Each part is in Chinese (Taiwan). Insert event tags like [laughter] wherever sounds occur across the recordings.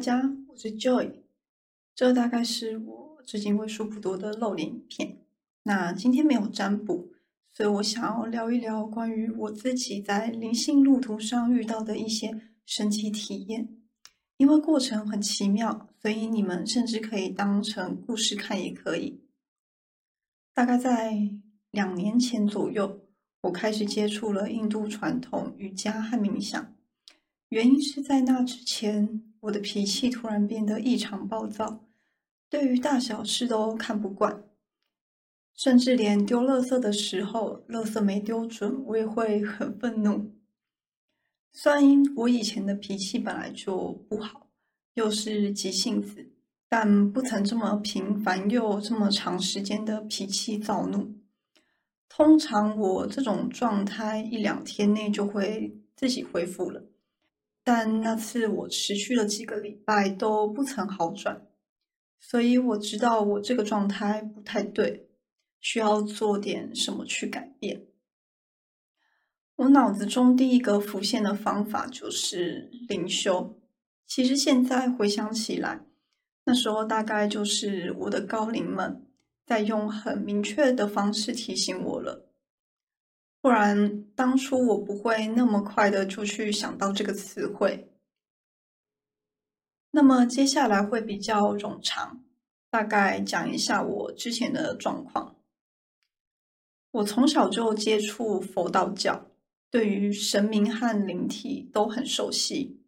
大家，我是 Joy。這大概是我至今為數不多的露臉影片。那今天沒有占卜，所以我想要聊一聊關於我自己在靈性路途上遇到的一些神奇體驗。因為過程很奇妙，所以你們甚至可以當成故事看，也可以。大概在兩年前左右，我開始接觸了印度傳統瑜伽和冥想。原因是在那之前。我的脾氣突然變得異常暴躁，對於大小事都看不慣，甚至連丟垃圾的時候，垃圾沒丟準，我也會很憤怒。雖然我以前的脾氣本來就不好，又是急性子，但不曾這麼頻繁又這麼長時間的脾氣躁怒。通常我這種狀態一兩天內就會自己恢復了。但那次我持續了幾個禮拜都不曾好轉，所以我知道我這個狀態不太對，需要做點什麼去改變。我腦子中第一個浮現的方法就是靈修。其實現在回想起來，那時候大概就是我的高靈們在用很明確的方式提醒我了。不然，當初我不會那麼快的就去想到這個詞彙。那麼接下來會比較冗長，大概講一下我之前的狀況。我從小就接觸佛道教，對於神明和靈體都很熟悉，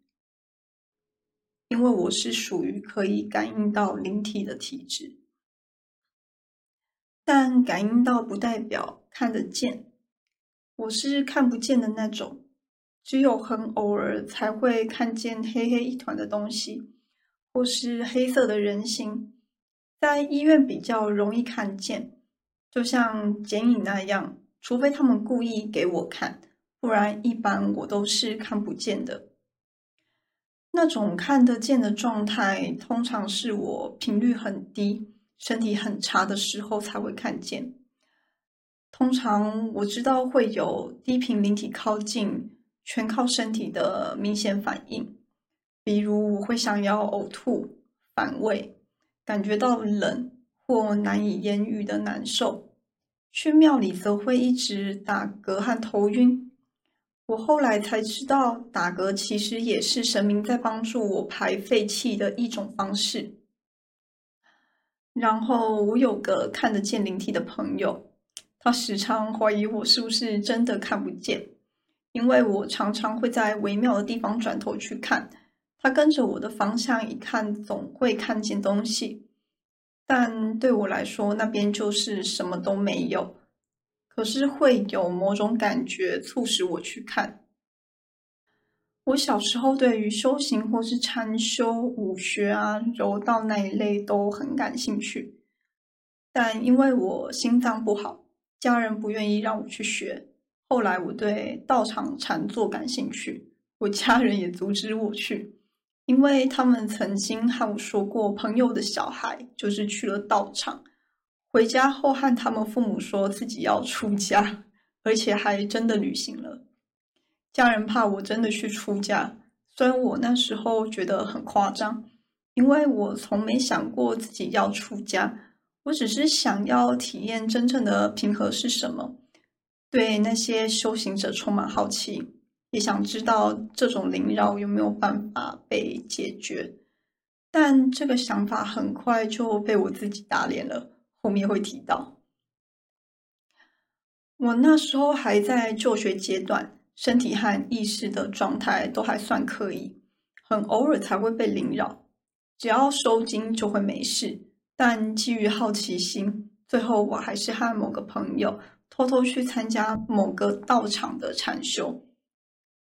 因為我是屬於可以感應到靈體的體質，但感應到不代表看得見。我是看不見的那種，只有很偶爾才會看見黑黑一團的東西，或是黑色的人形，在醫院比較容易看見，就像剪影那樣。除非他們故意給我看，不然一般我都是看不見的。那種看得見的狀態，通常是我頻率很低、身體很差的時候才會看見。通常我知道會有低頻靈體靠近，全靠身體的明顯反應，比如我會想要嘔吐、反胃，感覺到冷或難以言喻的難受。去廟裡則會一直打嗝和頭暈。我後來才知道，打嗝其實也是神明在幫助我排廢氣的一種方式。然後我有個看得見靈體的朋友。他時常懷疑我是不是真的看不見，因為我常常會在微妙的地方轉頭去看。他跟着我的方向一看，總會看見東西，但對我來說，那邊就是什麼都沒有。可是會有某種感覺促使我去看。我小時候對於修行或是禪修、武學啊、柔道那一類都很感興趣，但因為我心臟不好。家人不願意讓我去學，後來我對道場禪坐感興趣，我家人也阻止我去，因為他們曾經和我說過，朋友的小孩就是去了道場，回家後和他們父母說自己要出家，而且還真的履行了。家人怕我真的去出家，雖然我那時候覺得很誇張，因為我從沒想過自己要出家。我只是想要體驗真正的平和是什麼，對那些修行者充滿好奇，也想知道這種靈擾有沒有辦法被解決。但這個想法很快就被我自己打臉了。後面會提到，我那時候還在就學階段，身體和意識的狀態都還算可以，很偶爾才會被靈擾，只要收驚就會沒事。但基於好奇心，最後我還是和某個朋友偷偷去參加某個道場的禪修。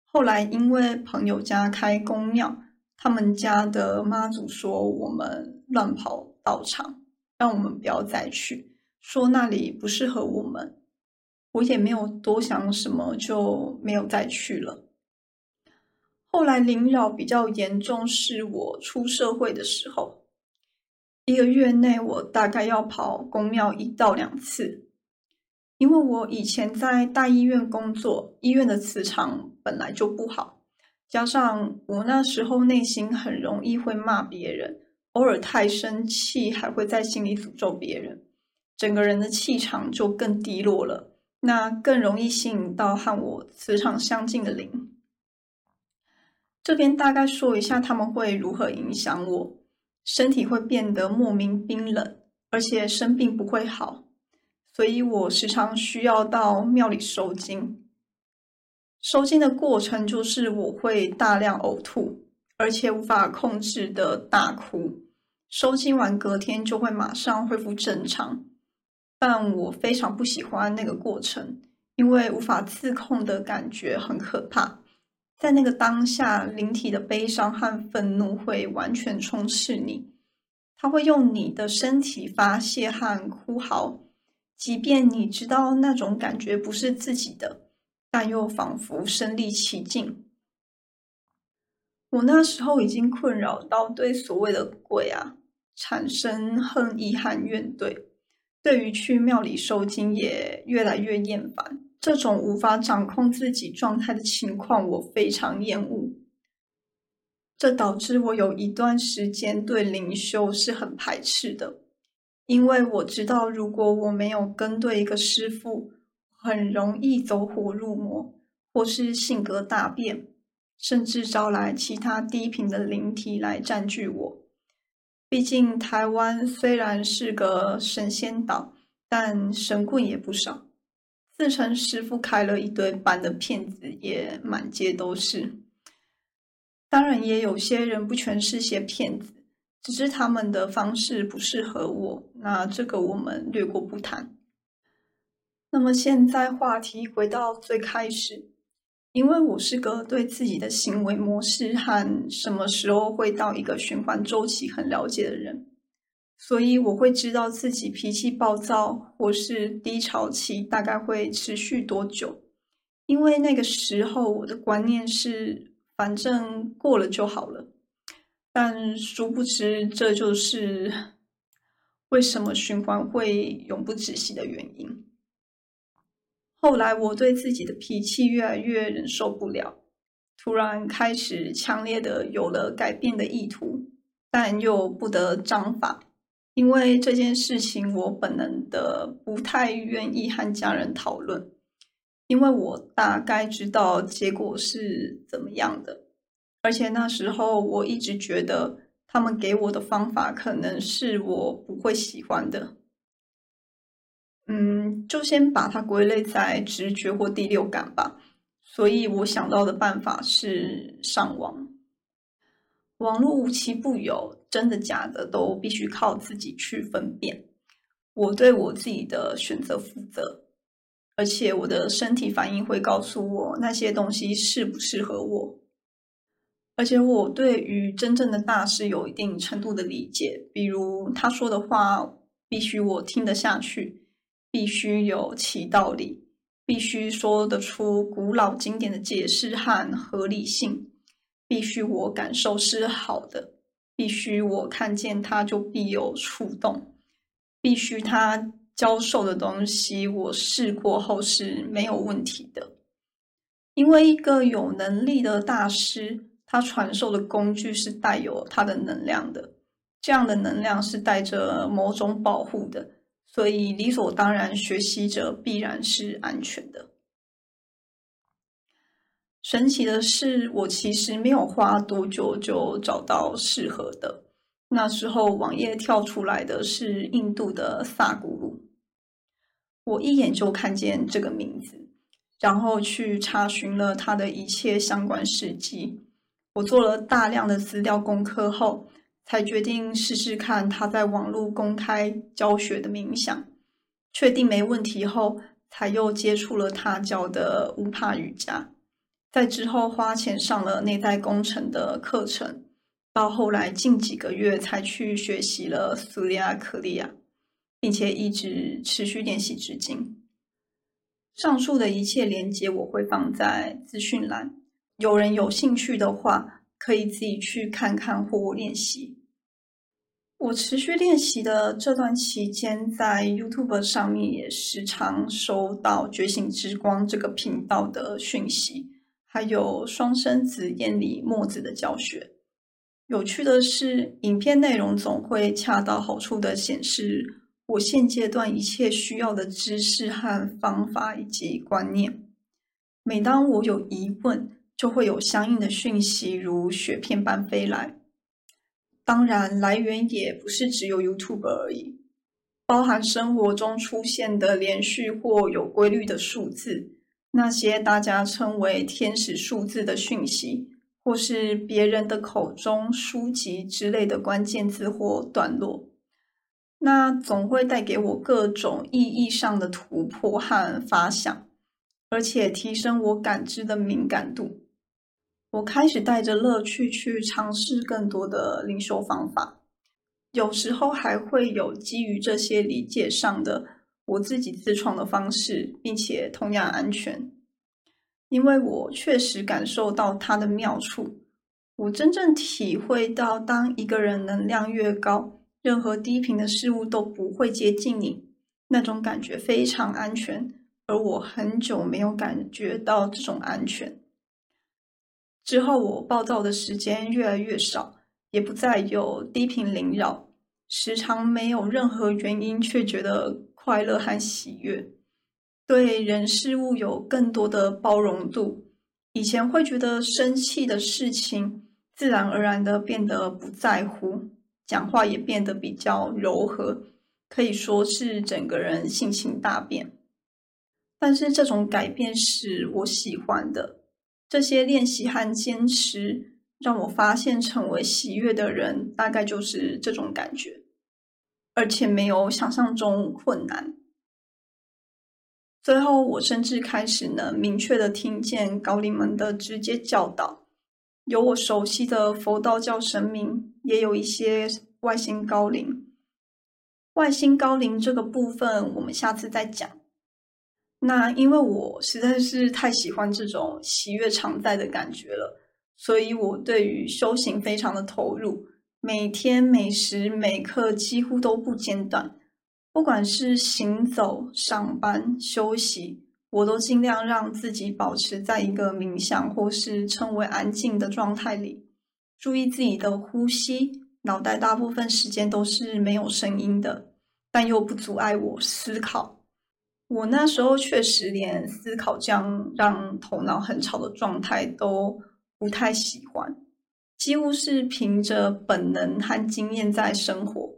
後來因為朋友家開公廟，他們家的媽祖說我們亂跑道場，讓我們不要再去，說那裡不適合我們。我也沒有多想什麼，就沒有再去了。後來靈擾比較嚴重，是我出社會的時候。一個月內，我大概要跑宮廟一到兩次，因為我以前在大醫院工作，醫院的磁場本來就不好，加上我那時候內心很容易會罵別人，偶爾太生氣還會在心裡詛咒別人，整個人的氣場就更低落了，那更容易吸引到和我磁場相近的靈。這邊大概說一下他們會如何影響我。身體會變得莫名冰冷，而且生病不會好，所以我時常需要到廟裡收驚。收驚的過程就是我會大量嘔吐，而且無法控制的大哭。收驚完隔天就會馬上恢復正常，但我非常不喜歡那個過程，因為無法自控的感覺很可怕。在那個當下，靈體的悲傷和憤怒會完全充斥你，他會用你的身體發泄和哭嚎，即便你知道那種感覺不是自己的，但又仿佛身歷其境。我那時候已經困擾到對所謂的鬼啊產生恨意和怨懟，對於去廟裡收驚也越來越厭煩。這種無法掌控自己狀態的情況，我非常厭惡。這導致我有一段時間對靈修是很排斥的，因為我知道，如果我沒有跟對一個師傅，很容易走火入魔，或是性格大變，甚至招來其他低頻的靈體來占據我。畢竟台灣雖然是個神仙島，但神棍也不少。自稱師傅開了一堆班的騙子也滿街都是，當然也有些人不全是些騙子，只是他們的方式不適合我，那這個我們略過不談。那麼現在話題回到最開始，因為我是個對自己的行為模式和什麼時候會到一個循環週期很了解的人。所以我會知道自己脾氣暴躁，或是低潮期大概會持續多久，因為那個時候我的觀念是，反正過了就好了。但殊不知，這就是為什麼循環會永不止息的原因。後來我對自己的脾氣越來越忍受不了，突然開始強烈的有了改變的意圖，但又不得章法。因為這件事情，我本能的不太願意和家人討論，因為我大概知道結果是怎麼樣的，而且那時候我一直覺得他們給我的方法可能是我不會喜歡的，嗯，就先把它歸類在直覺或第六感吧。所以我想到的辦法是上網。網絡無奇不有，真的假的都必須靠自己去分辨。我對我自己的選擇負責，而且我的身體反應會告訴我那些東西適不適合我。而且我對於真正的大師有一定程度的理解，比如他說的話必須我聽得下去，必須有其道理，必須說得出古老經典的解釋和合理性。必須我感受是好的，必須我看見他就必有觸動，必須他教授的東西我試過後是沒有問題的。因為一個有能力的大師，他傳授的工具是帶有他的能量的，這樣的能量是帶着某種保護的，所以理所當然學習者必然是安全的。神奇的是，我其實沒有花多久就找到適合的。那時候網頁跳出來的是印度的薩古魯，我一眼就看見這個名字，然後去查詢了他的一切相關事跡。我做了大量的資料功課後，才決定試試看他在網絡公開教學的冥想。確定沒問題後，才又接觸了他教的烏帕瑜伽。在之後花錢上了內在工程的課程，到後來近幾個月才去學習了蘇利亞克利亞，並且一直持續練習至今。上述的一切連結我會放在資訊欄，有人有興趣的話可以自己去看看或練習。我持續練習的這段期間，在 YouTube 上面也時常收到覺醒之光這個頻道的訊息。還有雙生子、燕里、墨子的教學。有趣的是，影片內容總會恰到好處地顯示我現階段一切需要的知識和方法以及觀念。每當我有疑問，就會有相應的訊息如雪片般飛來。當然，來源也不是只有 YouTube 而已，包含生活中出現的連續或有規律的數字。那些大家稱為“天使數字”的訊息，或是別人的口中書籍之類的關鍵字或段落，那總會帶給我各種意義上的突破和發想，而且提升我感知的敏感度。我開始帶着樂趣去嘗試更多的靈修方法，有時候還會有基於這些理解上的。我自己自創的方式，並且同樣安全，因為我確實感受到它的妙處。我真正體會到，當一個人能量越高，任何低頻的事物都不會接近你，那種感覺非常安全。而我很久沒有感覺到這種安全，之後我暴躁的時間越來越少，也不再有低頻靈擾，時常沒有任何原因，卻覺得。快樂和喜悅，對人事物有更多的包容度。以前會覺得生氣的事情，自然而然的變得不在乎，講話也變得比較柔和，可以說是整個人性情大變。但是這種改變是我喜歡的。這些練習和堅持，讓我發現成為喜悅的人，大概就是這種感覺。而且沒有想象中困難。最後，我甚至開始呢，明確的聽見高靈們的直接教導，有我熟悉的佛道教神明，也有一些外星高靈。外星高靈這個部分，我們下次再講。那因為我實在是太喜歡這種喜悅常在的感覺了，所以我對於修行非常的投入。每天每時每刻幾乎都不間斷，不管是行走、上班、休息，我都盡量讓自己保持在一個冥想或是稱為安靜的狀態裡，注意自己的呼吸，腦袋大部分時間都是沒有聲音的，但又不阻礙我思考。我那時候確實連思考這樣讓頭腦很吵的狀態都不太喜歡。幾乎是憑着本能和經驗在生活，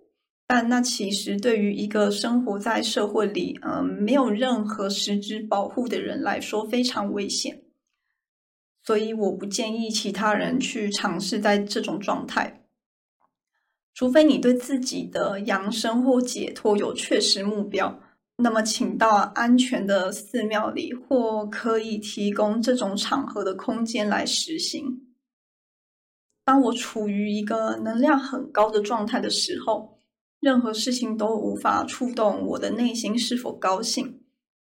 但那其實對於一個生活在社會裡，嗯，沒有任何實質保護的人來說非常危險。所以我不建議其他人去嘗試在這種狀態。除非你對自己的養生或解脫有確實目標，那麼請到安全的寺廟裡或可以提供這種場合的空間來實行。當我處於一個能量很高的狀態的時候，任何事情都無法觸動我的內心是否高興，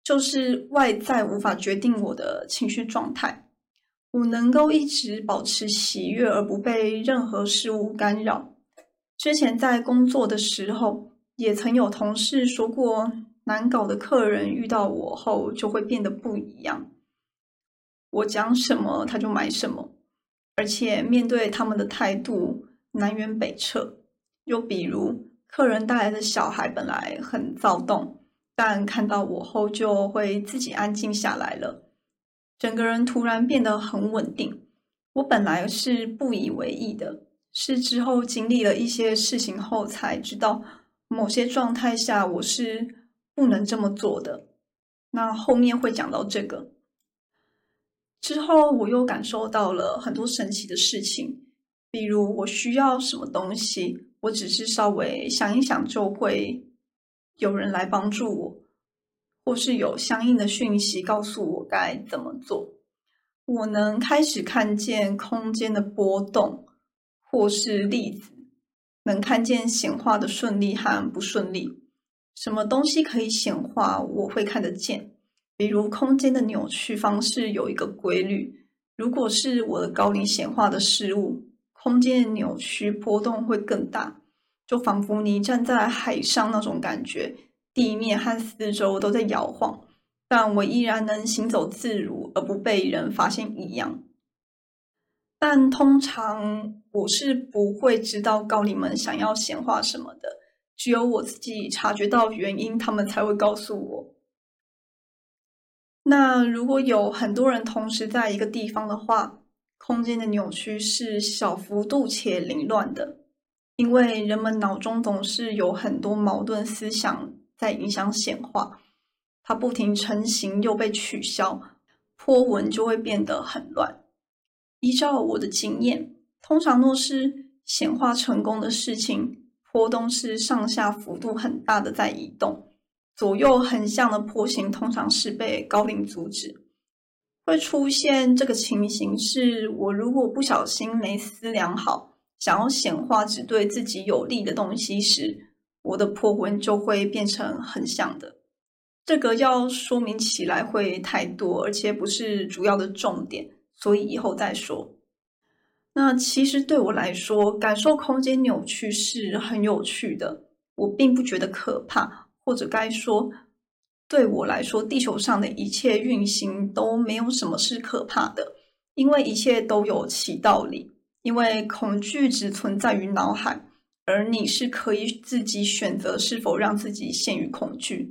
就是外在無法決定我的情緒狀態。我能夠一直保持喜悅而不被任何事物干擾。之前在工作的時候，也曾有同事說過，難搞的客人遇到我後就會變得不一樣，我講什麼他就買什麼。而且面對他們的態度南轅北轍。又比如，客人帶來的小孩本來很躁動，但看到我後就會自己安靜下來了，整個人突然變得很穩定。我本來是不以為意的，是之後經歷了一些事情後才知道，某些狀態下我是不能這麼做的。那後面會講到這個。之後，我又感受到了很多神奇的事情，比如我需要什麼東西，我只是稍微想一想就會有人來幫助我，或是有相應的訊息告訴我該怎麼做。我能開始看見空間的波動，或是粒子，能看見顯化的順利和不順利，什麼東西可以顯化，我會看得見。比如空間的扭曲方式有一個規律。如果是我的高靈顯化的事物，空間的扭曲波動會更大，就仿佛你站在海上那種感覺，地面和四周都在搖晃，但我依然能行走自如而不被人發現異樣。但通常我是不會知道高靈們想要顯化什麼的，只有我自己察覺到原因，他們才會告訴我。那如果有很多人同時在一個地方的話，空間的扭曲是小幅度且凌亂的，因為人們腦中總是有很多矛盾思想在影響顯化，它不停成型又被取消，波紋就會變得很亂。依照我的經驗，通常若是顯化成功的事情，波動是上下幅度很大的在移動。左右橫向的波形通常是被高靈阻止。會出現這個情形是，是我如果不小心沒思量好，想要顯化只對自己有利的東西時，我的波形就會變成橫向的。這個要說明起來會太多，而且不是主要的重點，所以以後再說。那其實對我來說，感受空間扭曲是很有趣的，我並不覺得可怕。或者該說，對我來說，地球上的一切運行都沒有什麼是可怕的，因為一切都有其道理。因為恐懼只存在於腦海，而你是可以自己選擇是否讓自己陷於恐懼。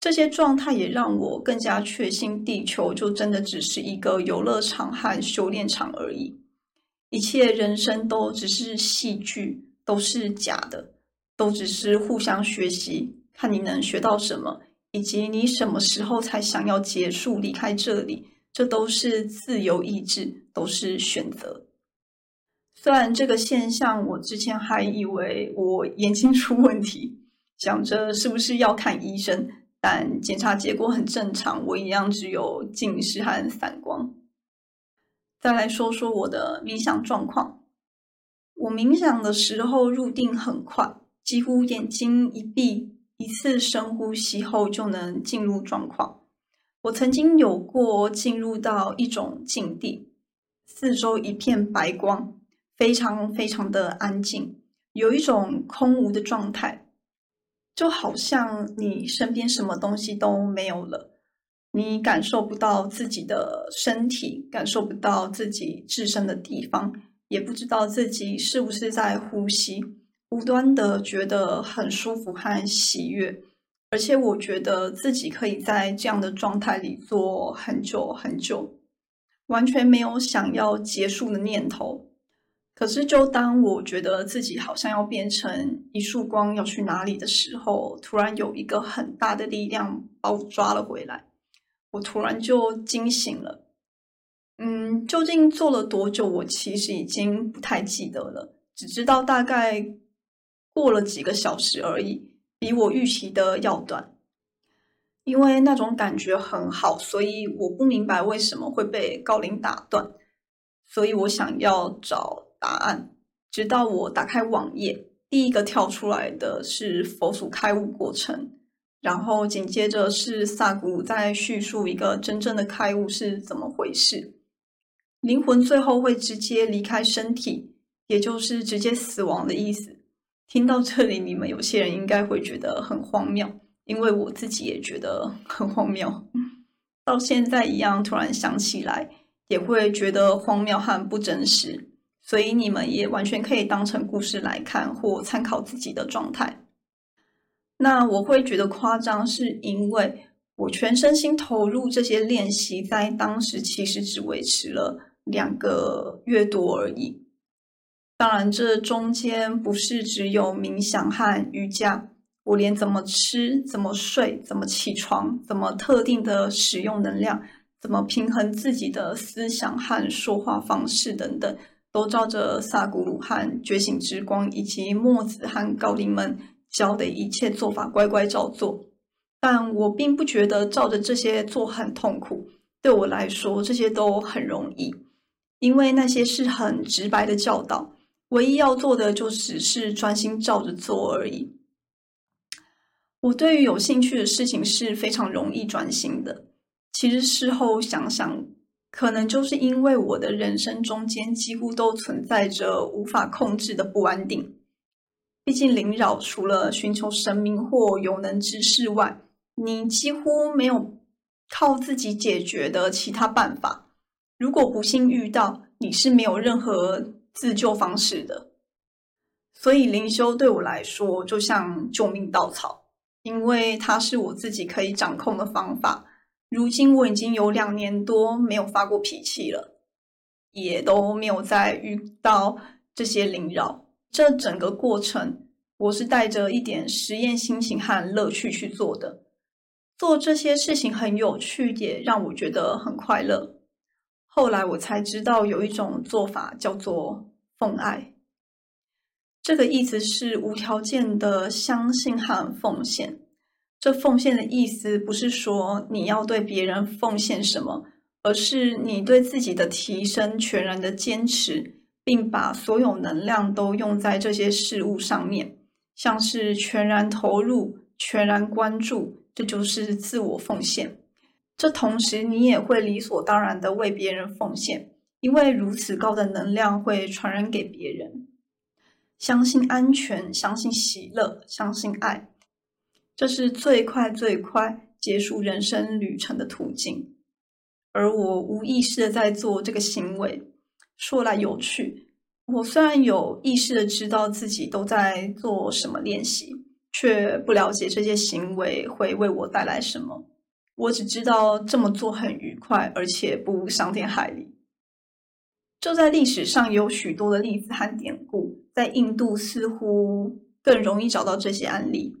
這些狀態也讓我更加確信，地球就真的只是一個遊樂場和修煉場而已。一切人生都只是戲劇，都是假的，都只是互相學習。看你能學到什麼，以及你什麼時候才想要結束離開這裡，這都是自由意志，都是選擇。雖然這個現象，我之前還以為我眼睛出問題，想着是不是要看醫生，但檢查結果很正常，我一樣只有近視和散光。再來說說我的冥想狀況，我冥想的時候入定很快，幾乎眼睛一閉。一次深呼吸後就能進入狀況。我曾經有過進入到一種境地，四周一片白光，非常非常的安靜，有一種空無的狀態，就好像你身邊什麼東西都沒有了，你感受不到自己的身體，感受不到自己置身的地方，也不知道自己是不是在呼吸。無端的覺得很舒服和喜悅，而且我覺得自己可以在這樣的狀態裡坐很久很久，完全沒有想要結束的念頭。可是，就當我覺得自己好像要變成一束光要去哪裡的時候，突然有一個很大的力量把我抓了回來，我突然就驚醒了。嗯，究竟坐了多久？我其實已經不太記得了，只知道大概。過了幾個小時而已，比我預期的要短。因為那種感覺很好，所以我不明白為什麼會被高靈打斷，所以我想要找答案。直到我打開網頁，第一個跳出來的是佛祖開悟過程，然後緊接着是薩古魯在敘述一個真正的開悟是怎麼回事。靈魂最後會直接離開身體，也就是直接死亡的意思。聽到這裡，你們有些人應該會覺得很荒謬，因為我自己也覺得很荒謬，到現在一樣，突然想起來也會覺得荒謬和不真實，所以你們也完全可以當成故事來看或參考自己的狀態。那我會覺得誇張，是因為我全身心投入這些練習，在當時其實只維持了兩個月多而已。當然，這中間不是只有冥想和瑜伽，我連怎麼吃、怎麼睡、怎麼起床、怎麼特定的使用能量、怎麼平衡自己的思想和說話方式等等，都照着薩古魯和覺醒之光以及墨子和高靈們教的一切做法乖乖照做。但我並不覺得照着這些做很痛苦，對我來說這些都很容易，因為那些是很直白的教導。唯一要做的就只是專心照着做而已。我對於有興趣的事情是非常容易專心的。其實事後想想，可能就是因為我的人生中間幾乎都存在着無法控制的不安定。畢竟靈擾除了尋求神明或有能之士外，你幾乎沒有靠自己解決的其他辦法。如果不幸遇到，你是沒有任何自救方式的，所以靈修對我來說就像救命稻草，因為它是我自己可以掌控的方法。如今我已經有兩年多沒有發過脾氣了，也都沒有再遇到這些靈擾。這整個過程，我是帶着一點實驗心情和樂趣去做的。做這些事情很有趣，也讓我覺得很快樂。後來我才知道有一種做法叫做，奉愛，這個意思是無條件的相信和奉獻，這奉獻的意思不是說你要對別人奉獻什麼，而是你對自己的提升全然的堅持，並把所有能量都用在這些事物上面，像是全然投入、全然關注，這就是自我奉獻。這同時，你也會理所當然的為別人奉獻。因為如此高的能量會傳染給別人，相信安全，相信喜樂，相信愛，這是最快最快結束人生旅程的途徑。而我無意識的在做這個行為，說來有趣。我雖然有意識的知道自己都在做什麼練習，卻不了解這些行為會為我帶來什麼。我只知道這麼做很愉快，而且不傷天害理。就在歷史上也有許多的例子和典故，在印度似乎更容易找到這些案例。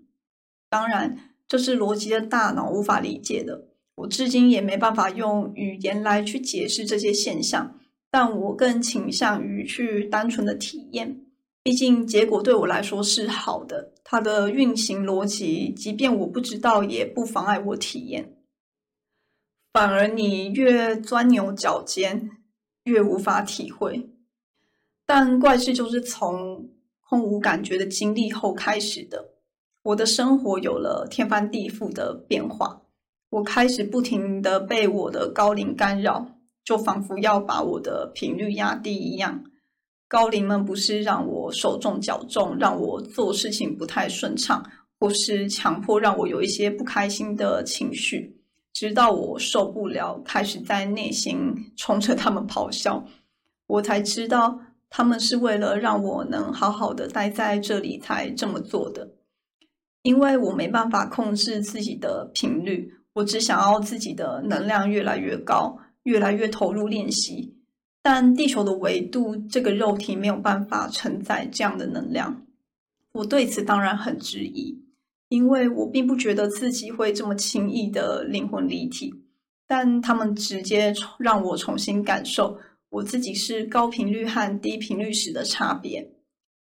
當然，這是邏輯的大腦無法理解的，我至今也沒辦法用語言來去解釋這些現象。但我更傾向於去單純的體驗，畢竟結果對我來說是好的。它的運行邏輯，即便我不知道，也不妨礙我體驗。反而，你越鑽牛角尖。越無法體會，但怪事就是從空無感覺的經歷後開始的。我的生活有了天翻地覆的變化，我開始不停的被我的高靈干擾，就仿佛要把我的頻率壓低一樣。高靈們不是讓我手重腳重，讓我做事情不太順暢，或是強迫讓我有一些不開心的情緒。直到我受不了，開始在內心衝着他們咆哮，我才知道他們是為了讓我能好好的待在這裡才這麼做的。因為我沒辦法控制自己的頻率，我只想要自己的能量越來越高，越來越投入練習。但地球的維度，這個肉體沒有辦法承載這樣的能量。我對此當然很質疑。因為我並不覺得自己會這麼輕易的靈魂離體，但他們直接讓我重新感受我自己是高頻率和低頻率時的差別。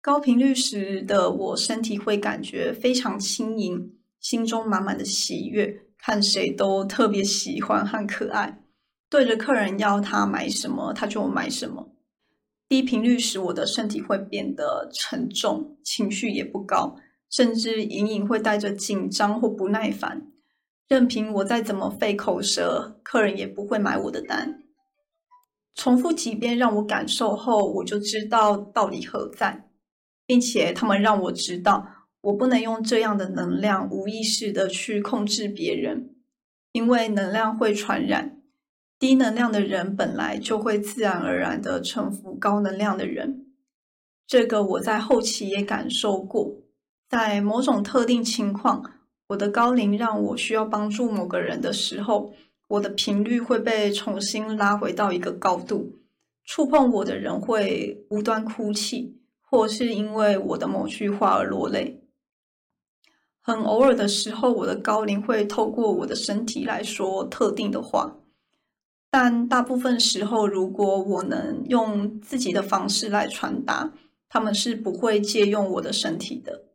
高頻率時的我身體會感覺非常輕盈，心中滿滿的喜悅，看誰都特別喜歡和可愛，對着客人要他買什麼他就買什麼。低頻率時我的身體會變得沉重，情緒也不高。甚至隱隱會帶着緊張或不耐煩，任憑我再怎麼費口舌，客人也不會買我的單。重複幾遍讓我感受後，我就知道道理何在，並且他們讓我知道，我不能用這樣的能量無意識的去控制別人，因為能量會傳染。低能量的人本來就會自然而然的臣服高能量的人，這個我在後期也感受過。在某種特定情況，我的高靈讓我需要幫助某個人的時候，我的頻率會被重新拉回到一個高度，觸碰我的人會無端哭泣，或是因為我的某句話而落淚。很偶爾的時候，我的高靈會透過我的身體來說特定的話，但大部分時候，如果我能用自己的方式來傳達，他們是不會借用我的身體的。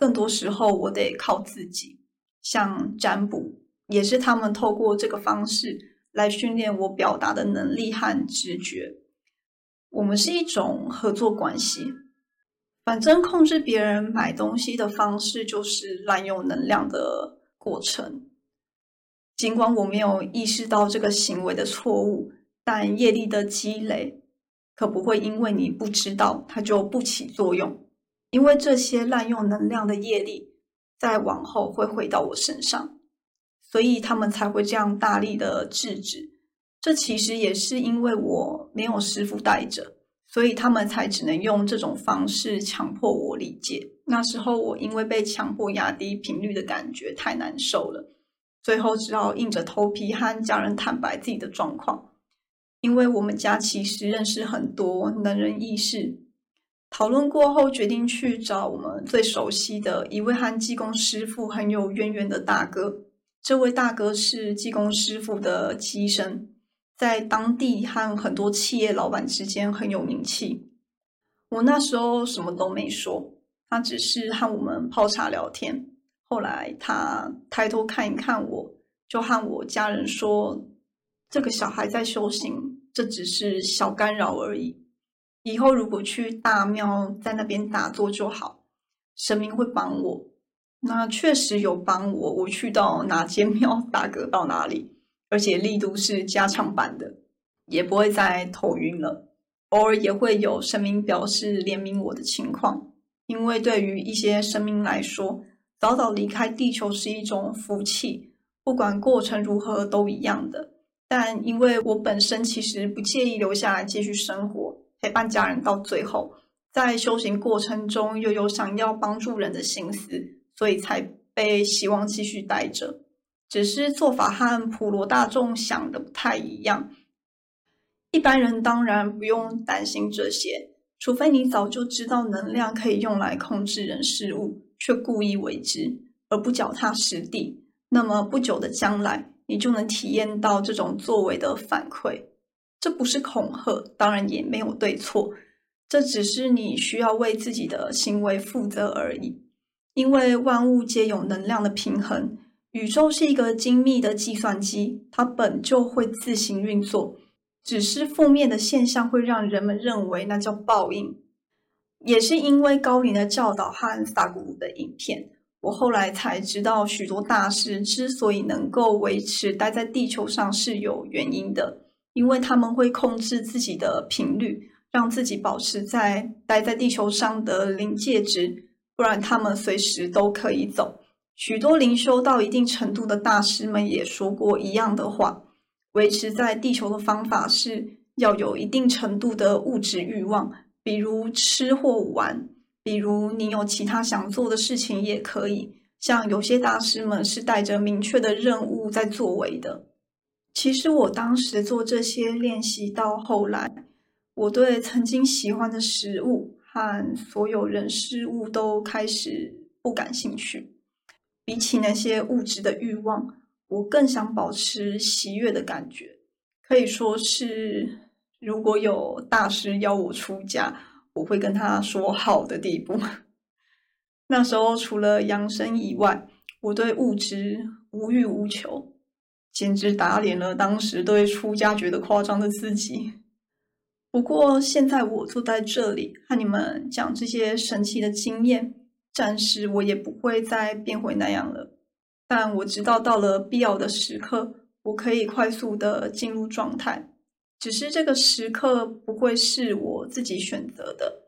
更多時候，我得靠自己。像占卜，也是他們透過這個方式來訓練我表達的能力和直覺。我們是一種合作關係。反正控制別人買東西的方式，就是濫用能量的過程。儘管我沒有意識到這個行為的錯誤，但業力的積累，可不會因為你不知道它就不起作用。因為這些濫用能量的業力在往後會回到我身上，所以他們才會這樣大力的制止。這其實也是因為我沒有師傅帶着，所以他們才只能用這種方式強迫我理解。那時候我因為被強迫壓低頻率的感覺太難受了，最後只好硬着頭皮和家人坦白自己的狀況。因為我們家其實認識很多能人異士。討論過後，決定去找我們最熟悉的一位和技工師傅很有淵源的大哥。這位大哥是技工師傅的乩身，在當地和很多企業老闆之間很有名氣。我那時候什麼都沒說，他只是和我們泡茶聊天。後來他抬頭看一看我，就和我家人說：“這個小孩在修行，這只是小干擾而已。”以後如果去大廟，在那邊打坐就好，神明會幫我。那確實有幫我，我去到哪間廟打嗝到哪裡，而且力度是加長版的，也不會再頭暈了。偶爾也會有神明表示憐憫我的情況，因為對於一些神明來說，早早離開地球是一種福氣，不管過程如何都一樣的。但因為我本身其實不介意留下來繼續生活。陪伴家人到最後，在修行過程中又有想要幫助人的心思，所以才被希望繼續待着。只是做法和普羅大眾想的不太一樣。一般人當然不用擔心這些，除非你早就知道能量可以用來控制人事物，卻故意為之，而不腳踏實地，那麼不久的將來，你就能體驗到這種作為的反饋。這不是恐嚇，當然也沒有對錯，這只是你需要為自己的行為負責而已。因為萬物皆有能量的平衡，宇宙是一個精密的計算機，它本就會自行運作。只是負面的現象會讓人們認為那叫報應。也是因為高靈的教導和薩古魯的影片，我後來才知道許多大師之所以能夠維持待在地球上是有原因的。因為他們會控制自己的頻率，讓自己保持在待在地球上的臨界值，不然他們隨時都可以走。許多靈修到一定程度的大師們也說過一樣的話，維持在地球的方法是要有一定程度的物質慾望，比如吃或玩，比如你有其他想做的事情也可以。像有些大師們是帶着明確的任務在作為的。其實我當時做這些練習，到後來，我對曾經喜歡的食物和所有人事物都開始不感興趣。比起那些物質的慾望，我更想保持喜悅的感覺。可以說是，如果有大師邀我出家，我會跟他說好的地步。 [laughs] 那時候除了養生以外，我對物質無慾無求。簡直打臉了，當時對出家覺得誇張的自己，不過現在我坐在這裡和你們講這些神奇的經驗，暫時我也不會再變回那樣了。但我知道到了必要的時刻，我可以快速的進入狀態，只是這個時刻不會是我自己選擇的，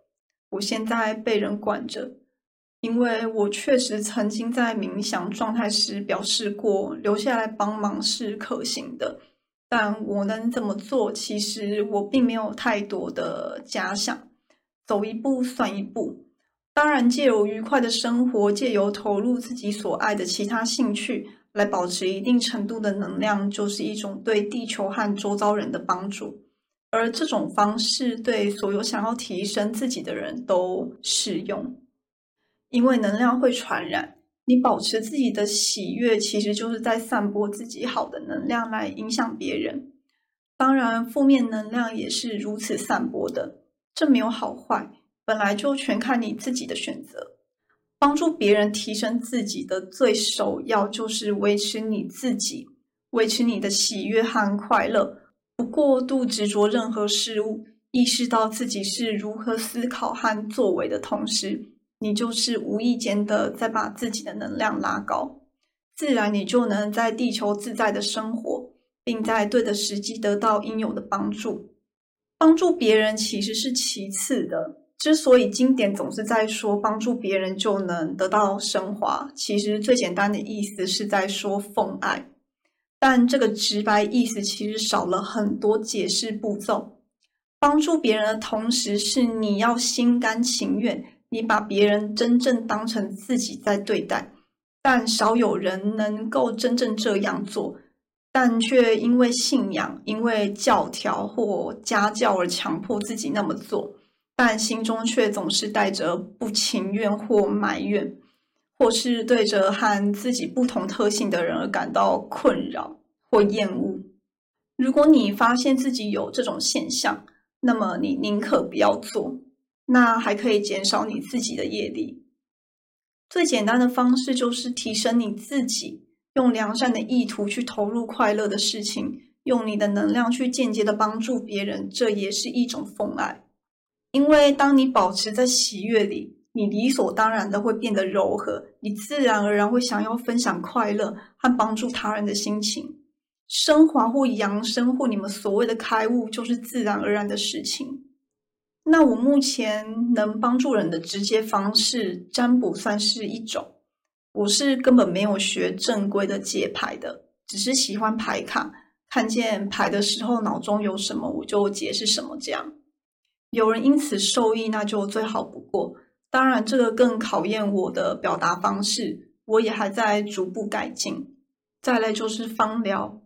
我現在被人管着。因為我確實曾經在冥想狀態時表示過，留下來幫忙是可行的。但我能怎麼做？其實我並沒有太多的假想，走一步算一步。當然，借由愉快的生活，借由投入自己所愛的其他興趣，來保持一定程度的能量，就是一種對地球和周遭人的幫助。而這種方式對所有想要提升自己的人都適用。因為能量會傳染，你保持自己的喜悅，其實就是在散播自己好的能量來影響別人。當然，負面能量也是如此散播的，這沒有好壞，本來就全看你自己的選擇。幫助別人提升自己的最首要就是維持你自己，維持你的喜悅和快樂，不過度執着任何事物，意識到自己是如何思考和作為的同時。你就是無意間的在把自己的能量拉高，自然你就能在地球自在的生活，並在對的時機得到應有的幫助。幫助別人其實是其次的，之所以經典總是在說幫助別人就能得到升華，其實最簡單的意思是在說奉愛。但這個直白意思其實少了很多解釋步驟。幫助別人的同時，是你要心甘情願。你把別人真正當成自己在對待，但少有人能夠真正這樣做，但卻因為信仰、因為教條或家教而強迫自己那麼做，但心中卻總是帶着不情願或埋怨，或是對着和自己不同特性的人而感到困擾或厭惡。如果你發現自己有這種現象，那麼你寧可不要做。那還可以減少你自己的業力。最簡單的方式就是提升你自己，用良善的意圖去投入快樂的事情，用你的能量去間接的幫助別人，這也是一種奉愛。因為當你保持在喜悅裡，你理所當然的會變得柔和，你自然而然會想要分享快樂和幫助他人的心情，升華或揚升或你們所謂的開悟，就是自然而然的事情。那我目前能幫助人的直接方式，占卜算是一種。我是根本沒有學正規的解牌的，只是喜歡牌卡，看見牌的時候腦中有什麼，我就解釋什麼這樣。有人因此受益，那就最好不過。當然，這個更考驗我的表達方式，我也還在逐步改進。再來就是芳療，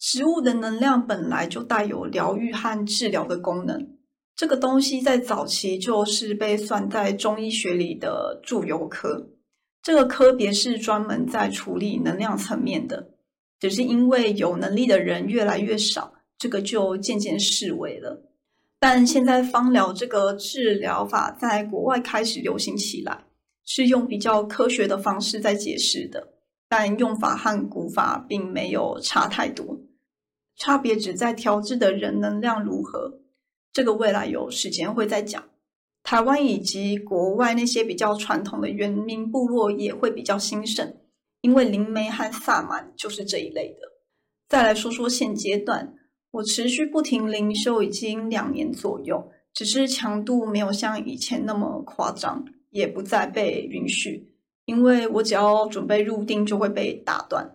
植物的能量本來就帶有療癒和治療的功能。這個東西在早期就是被算在中醫學裡的祝由科，這個科別是專門在處理能量層面的。只是因為有能力的人越來越少，這個就漸漸式微了。但現在芳療這個治療法在國外開始流行起來，是用比較科學的方式在解釋的，但用法和古法並沒有差太多，差別只在調製的人能量如何。這個未來有時間會再講。台灣以及國外那些比較傳統的原民部落也會比較興盛，因為靈媒和薩滿就是這一類的。再來說說現階段，我持續不停靈修已經兩年左右，只是強度沒有像以前那麼誇張，也不再被允許，因為我只要準備入定就會被打斷，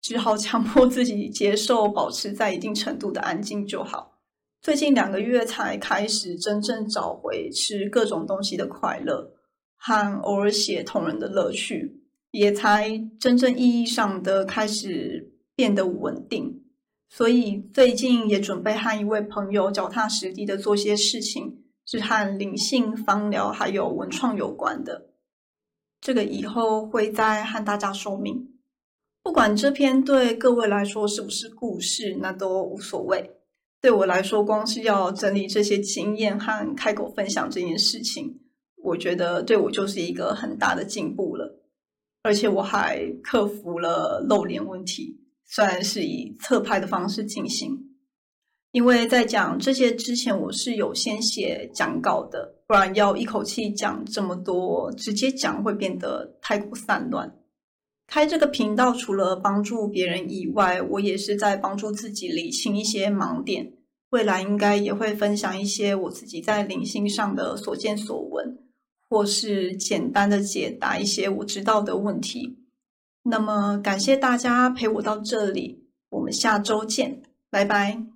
只好強迫自己接受，保持在一定程度的安靜就好。最近兩個月才開始真正找回吃各種東西的快樂，和偶爾寫同人的樂趣，也才真正意義上的開始變得穩定。所以最近也準備和一位朋友腳踏實地的做些事情，是和靈性、芳療還有文創有關的。這個以後會再和大家說明。不管這篇對各位來說是不是故事，那都無所謂。對我來說，光是要整理這些經驗和開口分享這件事情，我覺得對我就是一個很大的進步了。而且我還克服了露臉問題，算是以側拍的方式進行。因為在講這些之前，我是有先寫講稿的，不然要一口氣講這麼多，直接講會變得太過散亂。開這個頻道除了幫助別人以外，我也是在幫助自己理清一些盲點。未來應該也會分享一些我自己在靈性上的所見所聞，或是簡單的解答一些我知道的問題。那麼，感謝大家陪我到這裡，我們下週見，拜拜。